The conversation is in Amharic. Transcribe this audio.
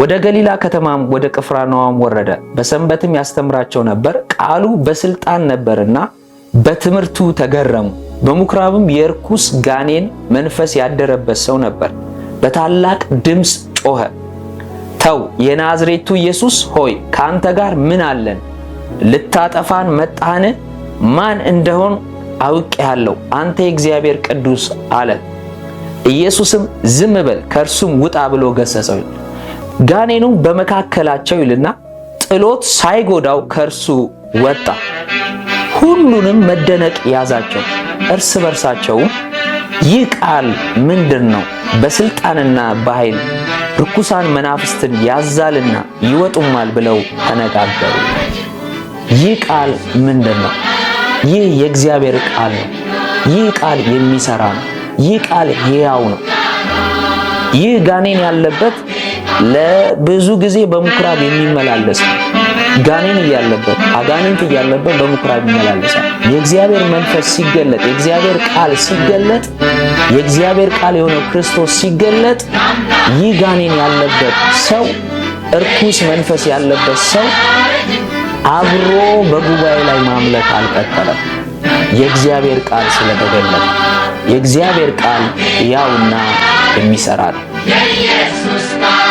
ወደ ገሊላ ከተማም ወደ ቅፍራናዋም ወረደ። በሰንበትም ያስተምራቸው ነበር። ቃሉ በስልጣን ነበርና በትምህርቱ ተገረሙ። በምኩራብም የርኩስ ጋኔን መንፈስ ያደረበት ሰው ነበር። በታላቅ ድምፅ ጮኸ፣ ተው የናዝሬቱ ኢየሱስ ሆይ ከአንተ ጋር ምን አለን? ልታጠፋን መጣህን? ማን እንደሆን አውቄሃለሁ፣ አንተ የእግዚአብሔር ቅዱስ አለ። ኢየሱስም ዝም በል ከእርሱም ውጣ ብሎ ገሰጸው። ጋኔኑ በመካከላቸው ይልና ጥሎት ሳይጎዳው ከእርሱ ወጣ። ሁሉንም መደነቅ ያዛቸው። እርስ በርሳቸውም ይህ ቃል ምንድን ነው? በስልጣንና በኃይል ርኩሳን መናፍስትን ያዛልና ይወጡማል ብለው ተነጋገሩ። ይህ ቃል ምንድን ነው? ይህ የእግዚአብሔር ቃል ነው። ይህ ቃል የሚሰራ ነው። ይህ ቃል ሕያው ነው። ይህ ጋኔን ያለበት ለብዙ ጊዜ በምኩራብ የሚመላለስ ጋኔን እያለበት አጋኔንት እያለበት በምኩራብ ይመላለሳል። የእግዚአብሔር መንፈስ ሲገለጥ፣ የእግዚአብሔር ቃል ሲገለጥ፣ የእግዚአብሔር ቃል የሆነው ክርስቶስ ሲገለጥ ይህ ጋኔን ያለበት ሰው እርኩስ መንፈስ ያለበት ሰው አብሮ በጉባኤ ላይ ማምለክ አልቀጠለም። የእግዚአብሔር ቃል ስለተገለጠ የእግዚአብሔር ቃል ያውና የሚሰራ ነው።